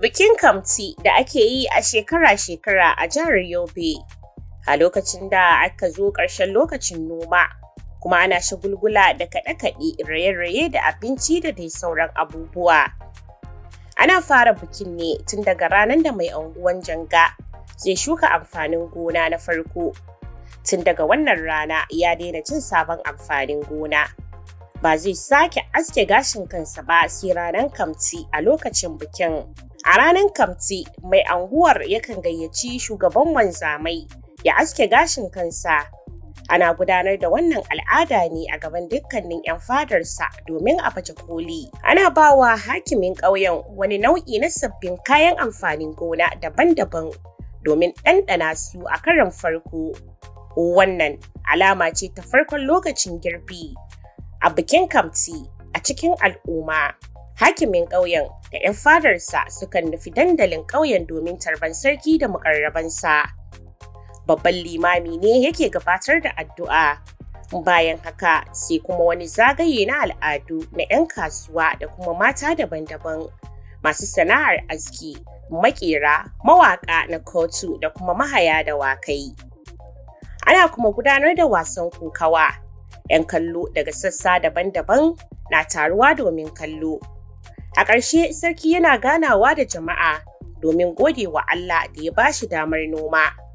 Bikin Kamti da ake yi a shekara-shekara a jihar Yobe, a lokacin da aka zo ƙarshen lokacin noma, kuma ana shagulgula da kaɗe-kaɗe, raye-raye da abinci da dai sauran abubuwa. Ana fara bikin ne tun daga ranar da mai anguwan Janga zai shuka amfanin gona na farko. Tun daga wannan rana ya daina cin sabon amfanin gona. Ba zai sake aske gashin kansa ba sai ranar kamti a lokacin bikin. A ranar kamti mai anguwar yakan gayyaci shugaban wanzamai ya aske gashin kansa Ana gudanar da wannan al'ada ne a gaban dukkanin 'yan fadarsa domin a baje koli. Ana bawa hakimin ƙauyen wani nau'i na sabbin kayan amfanin gona daban-daban domin ɗanɗana su a karon farko. Wannan alama ce ta farkon lokacin girbi a bikin kamti a cikin al'umma. Hakimin ƙauyen da 'yan fadarsa sukan nufi dandalin ƙauyen domin tarban sarki da mukarrabansa. babban limami ne yake gabatar da addu'a. Bayan haka sai kuma wani zagaye na al'adu na 'yan kasuwa da kuma mata daban-daban masu sana'ar aski, makera, mawaka na kotu da kuma mahaya da wakai. Ana kuma gudanar da wasan kokawa. 'Yan kallo daga sassa daban-daban na taruwa domin kallo. A ƙarshe sarki yana ganawa da jama'a domin gode wa Allah da ya bashi damar noma.